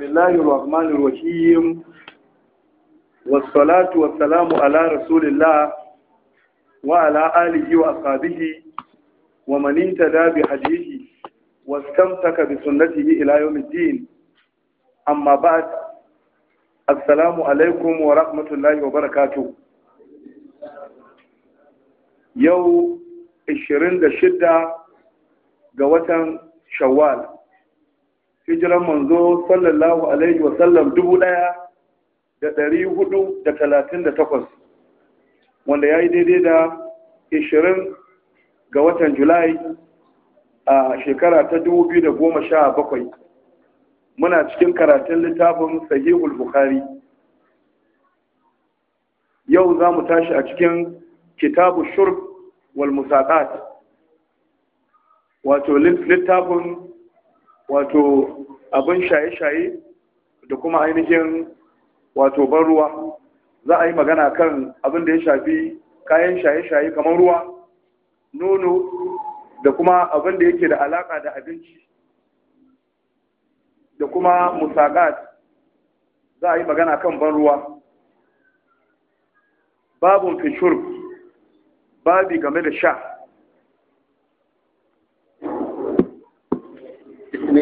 بسم الله الرحمن الرحيم والصلاة والسلام على رسول الله وعلى آله وأصحابه ومن انتدى بحديثه واستمسك بسنته إلى يوم الدين أما بعد السلام عليكم ورحمة الله وبركاته يوم 26 ga watan shawwal hijiran manzo sallallahu alaihi wasallam dubu ɗaya da ɗari hudu da talatin da takwas wanda ya yi daidai da ishirin ga watan julai a shekara ta dubu biyu da goma sha bakwai muna cikin karatun littafin sahihul bukhari yau za mu tashi a cikin kitabu shurb wal musaqat wato littafin wato abin shaye-shaye da kuma ainihin wato ban ruwa za a yi magana kan abin da ya shafi kayan shaye-shaye kamar ruwa nono da kuma abin da yake da alaƙa da abinci da kuma musagat za a yi magana kan ban ruwa Babu fishur babi game da sha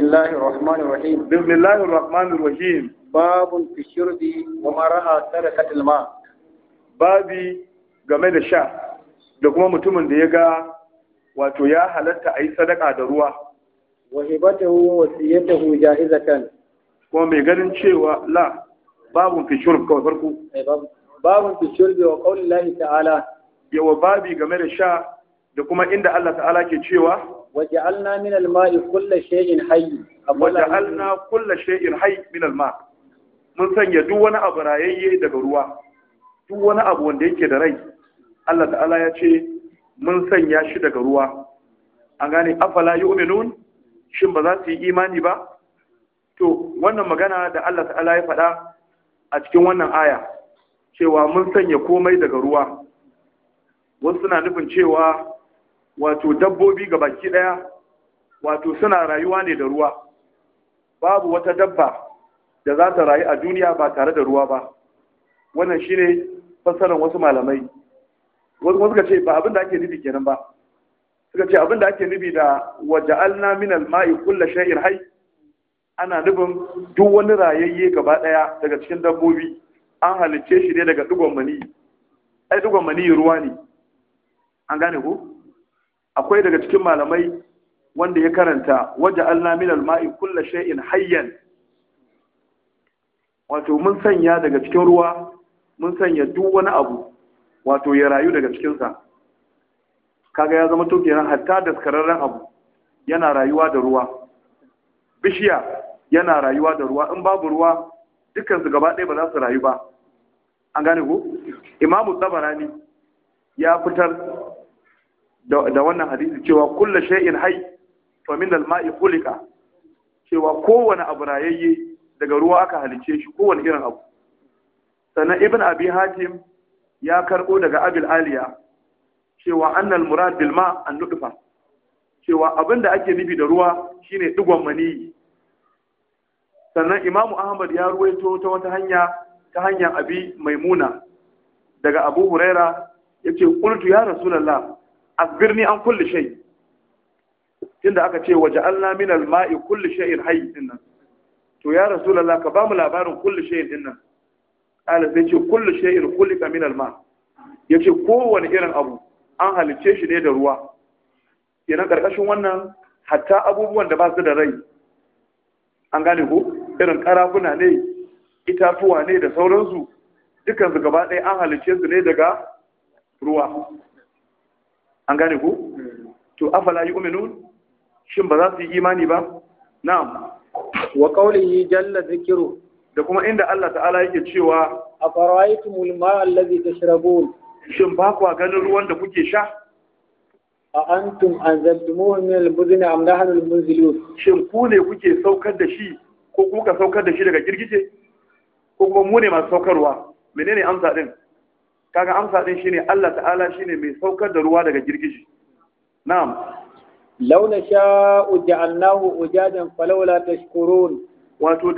الله الرحمن الرحيم بسم الله الرحمن الرحيم باب في الشرب وما راى تركة الماء babi game da sha da kuma mutumin da ya ga wato ya halatta a yi sadaka da ruwa wa hibatahu wa siyatahu jahizatan kuma mai ganin cewa la babun fi shurb kawai farko eh, babun fi shurb wa qaulillahi ta'ala yawa babi game da sha da kuma inda Allah ta'ala ke cewa waja'alna min al-ma'i kulli shay'in hayy waja'alna kulli shay'in hayy min al-ma mun sanya duk wani abu rayayye daga ruwa duk wani abu wanda yake da rai Allah ta'ala ya ce mun sanya shi daga ruwa an gane afala yu'minun shin ba za su yi imani ba to wannan magana da Allah ta'ala ya faɗa a cikin wannan aya cewa mun sanya komai daga ruwa wasu suna nufin cewa wato dabbobi ga baki ɗaya wato suna rayuwa ne da ruwa babu wata dabba da za ta rayu a duniya ba tare da ruwa ba wannan shine fassarar wasu malamai wasu suka ce ba abin da ake nufi kenan ba suka ce abin da ake nufi da waje min al-ma'i kullu shay'in hayy ana nufin duk wani rayayye gaba daya daga cikin dabbobi an halicce shi ne daga dugon mani ai dugon mani ruwa ne an gane ko akwai daga cikin malamai wanda ya karanta waje alnamin alma'i kulla shay'in hayyan wato mun sanya daga cikin ruwa mun sanya duk wani abu wato ya rayu daga cikinsa kaga ya zama to kenan hatta daskararren abu yana rayuwa da ruwa bishiya yana rayuwa da ruwa in babu ruwa dukansu gaba ɗaya ba za su rayu ba an gane ku? imamu tabarani ya fitar da wannan hadisi cewa kullu shay'in hayy fa min al-ma'i khuliqa cewa kowane abu rayayye daga ruwa aka halice shi kowane irin abu sannan ibn abi hatim ya karbo daga abil aliya cewa annal murad bil ma an nudfa cewa abinda ake nufi da ruwa shine digon mani sannan imamu ahmad ya ruwaito ta wata hanya ta hanyar abi maimuna daga abu huraira yace qultu ya rasulullah asbirni an kulli shay tunda aka ce waja'alna min alma'i kulli shay'in hayy inna to ya rasulullah ka ba mu labarin kulli shay'in dinnan ala sai ce kulli shay'in ka min al-ma' yace kowane irin abu an halice shi ne da ruwa kenan karkashin wannan hatta abubuwan da ba su da rai an gane ko irin karafuna ne itatuwa ne da sauransu dukansu gaba ɗaya an halice su ne daga ruwa an gane ku to afala yu'minun shin ba za su yi imani ba na'am wa qawlihi jalla dhikru da kuma inda Allah ta'ala yake cewa afara'aytumul ma'a allazi tashrabun shin ba ku ganin ruwan da kuke sha a antum anzaltumuhu min al-muzni am nahnu al-munzilun shin ku ne kuke saukar da shi ko kuka saukar da shi daga girgije ko kuma mu ne masu saukarwa menene amsa din kaga amsa din shine Allah ta'ala shine mai saukar da ruwa daga girgiji na'am launa nasha'u ja'alnahu ujadan falawla tashkurun wato